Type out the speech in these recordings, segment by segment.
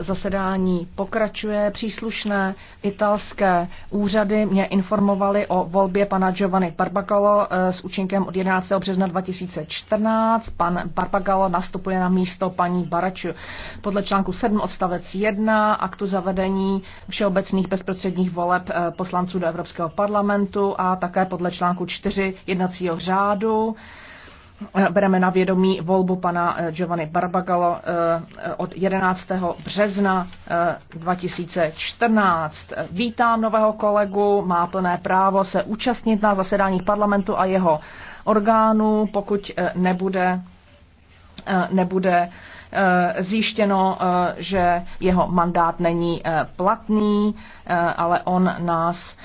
Zasedání pokračuje. Příslušné italské úřady mě informovaly o volbě pana Giovanni Barbagallo eh, s účinkem od 11. března 2014. Pan Barbagallo nastupuje na místo paní Baraču. Podle článku 7 odstavec 1 aktu zavedení všeobecných bezprostředních voleb eh, poslanců do Evropského parlamentu a také podle článku 4 jednacího řádu Bereme na vědomí volbu pana eh, Giovanni Barbagalo eh, eh, od 11. března 2014. Vítám nového kolegu, má plné právo se účastnit na zasedání parlamentu a jeho orgánů, pokud nebude, nebude zjištěno, že jeho mandát není platný, ale on nás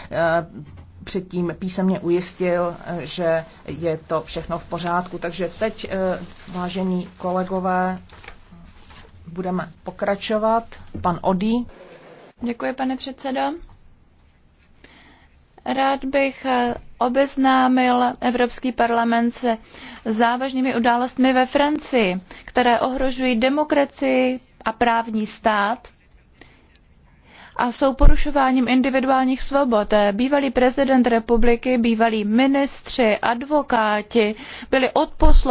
předtím písemně ujistil, eh, že je to všechno v pořádku. Takže teď, eh, vážení kolegové, budeme pokračovat. Pan Odí. Děkuji, pane předsedo. Rád bych eh, obeznámil Evropský parlament se závažnými událostmi ve Francii, které ohrožují demokracii a právní stát a jsou porušováním individuálních svobod. Bývalý prezident republiky, bývalí ministři, advokáti byli odposloucháváni